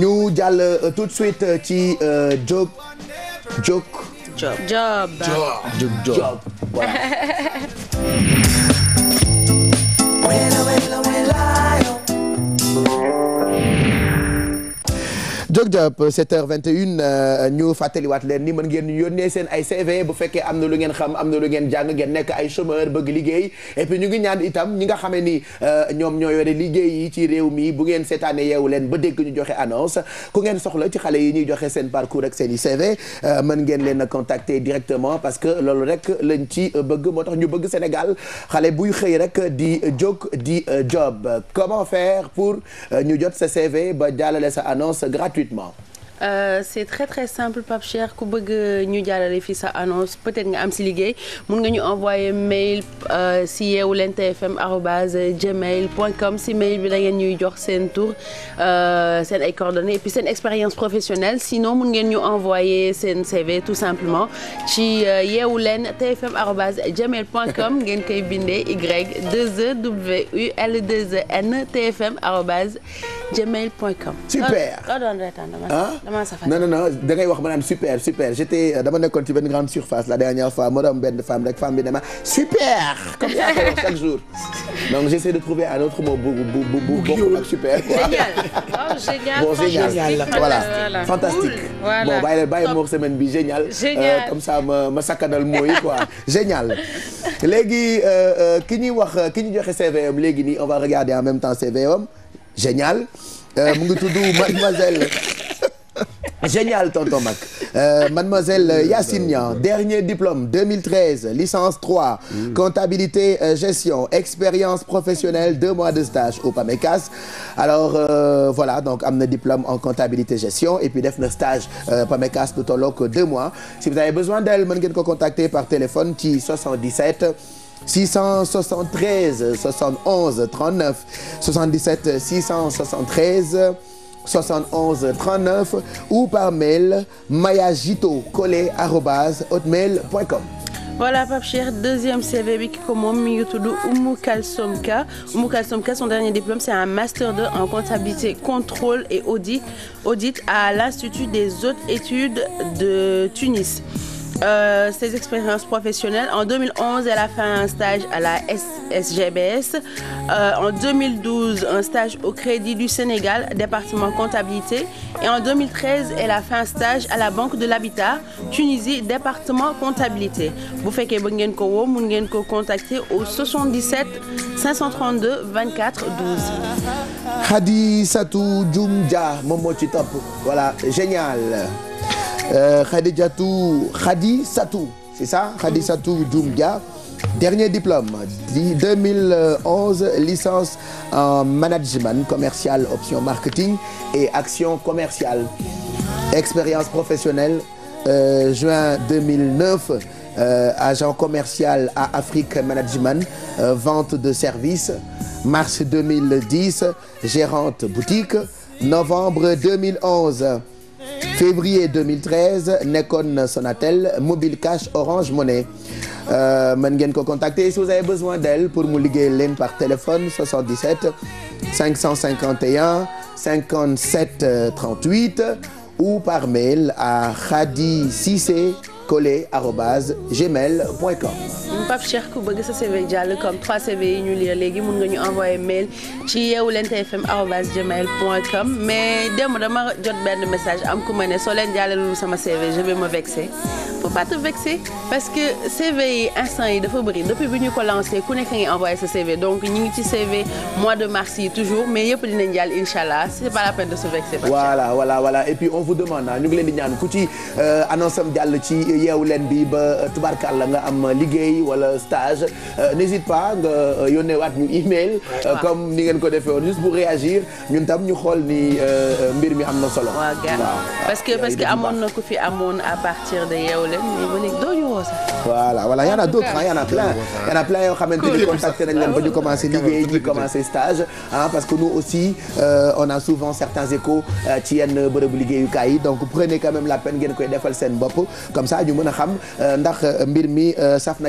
ñu jàll euh, tout suite euh, ci euh, Job Job Job Job Job Job Diop Diop 7h21 ñu leen ni mën ngeen ñu yónnee seen ay CV bu fekkee am na lu ngeen xam am na lu ngeen jàng ngeen nekk ay chômeur bëgg liggéey et puis ñu ngi ñaan itam ñi nga xamee ni euh, ñoom ñoo yore liggéey yi ci réew mi bu ngeen seetaane yeewu leen ba dégg ñu joxe annonce ku ngeen soxla ci xale yi ñuy joxe seen parcours ak seen i CV euh, mën ngeen leen a contacter directement parce que loolu rek lañ ci bëgg moo tax ñu bëgg Sénégal xale buy xëy rek di jóg di job comment faire pour euh, ñu jot sa CV ba jàllale sa annonce gratuite gratuitement. Euh, c'est très très simple Pape Cheikh ku bëgg euh, ñu jàllale fii sa annonce peut-être nga am si liggéey mun nga ñu envoyer mail si euh, yeewu leen tfm arobase gmail point com si mail bi da ngeen ñuy jox seen tour seen ay seen expérience professionnelle sinon mun ngeen ñu envoyer seen CV tout simplement ci yeewu leen tfm arobase gmail point com ngeen koy bindee y 2 e w u l e n tfm arobase gmail point com. damaa safar non non non da ngay wax ma naan super super j'étais euh, dama nekkoon ci benn grande surface la dernière fois ma doon benn femme rek femme bi ne ma super comme ça koy wax chaque jour donc j'essaie de trouver un autre mot bu bu bu bu bokkul ak super quoi. génial waaw oh, génial bon génial voilà fantastique. bon bàyyi la bàyyi moog semaine bi génial. Euh, génial comme ça ma ma sakkanal mooy quoi génial. léegi euh, ki ñuy wax ki ñu joxe CVM léegi nii on va regarder en même temps CVM génial mu ngi tudd mademoiselle. génial tonton Mac euh, mademoiselle Yacine Niang dernier diplôme 2013 licence 3 mm. comptabilité euh, gestion expérience professionnelle deux mois de stage au PAMECAS alors euh, donc am na diplôme en comptabilité gestion et def na stage euh, PAMECAS lu tolloog deux mois si mën ngeen ko contacter par téléphone ci 77 673 71 39 77 673 71 39 ou par mail mayagito collé arobase hotmail point com. voilà Pape Cheikh deuxième CV bi ki moom mi ngi tudd Oumou son dernier diplôme c'est un master 2 en comptabilité contrôle et audit audit à l'institut des hautes études de Tunis. euh, ses expériences professionnelles. En 2011, elle a fait un stage à la SSGBS. Euh, en 2012, un stage au Crédit du Sénégal, département comptabilité. Et en 2013, elle a fait un stage à la Banque de l'Habitat, Tunisie, département comptabilité. Vous faites que vous pouvez vous contacter au 77 532 24 12. Hadi Satou Djoumdja, Momo Chitop. Voilà, génial. Euh, Khadijatou Khadi Satou c'est ça Khadi Satou Dioum Dia dernier diplôme 2011 licence en management commercial option marketing et action commerciale expérience professionnelle euh, juin 2009 euh, agent commercial à Afrique Management euh, vente de services mars 2010 gérante boutique novembre 2011 février 2013 nekkoon Sonatel Mobile Cash Orange Money euh, mën ngeen ko contacter si vous avez besoin d'elle pour mu liggéey leen par téléphone 77 551 57 38 ou par mail à khadisissé collé arobase gmail point com Pape Cheikh ku bëgg sa CV jàll comme 3 CV yi ñu lire léegi mun nga ñu envoyé mail ci yeewuleen tfm arobas gmail point com mais démb dama jot benn message am ku ma ne soo leen jàllalul sama CV je vais me vexer faut pas te vexer CV yi yi dafa bëri depuis bi ñu ko ku nekk ngi envoyé sa CV donc ñi ngi ci CV mois de mars yi toujours mais yëpp dinañ jàll incha allah c'est pas la peine de se vexer. voilà voilà voilà et puis on vous demande ah, ñu ngi leen di ñaan ku ci euh, annonce am jàll ci yeewuleen bi ba euh, tubaarkàlla nga am liggéey wala stage euh, n'hésite pas nga euh, yónnee waat ñu email euh, comme ni ngeen ko defee woon juste pour réagir ñun tam ñu xool ni mbir mi am na solo waaw parce que parce que amoon na ku fi amoon à partir de yeew leen mais ba léegi doo ñu woo sax voilà voilà y en a d'autres ah y en a plein y en a plein yoo xamante ni contacté nañ leen ba ñu commencé liggéey ñu commencé stage ah parce que nous aussi on a souvent certains échos ci yenn bërëbu liggéeyukaay yi donc prenez quand même la peine ngeen koy defal seen bopp comme ça ñu mën a xam ndax mbir mi saf na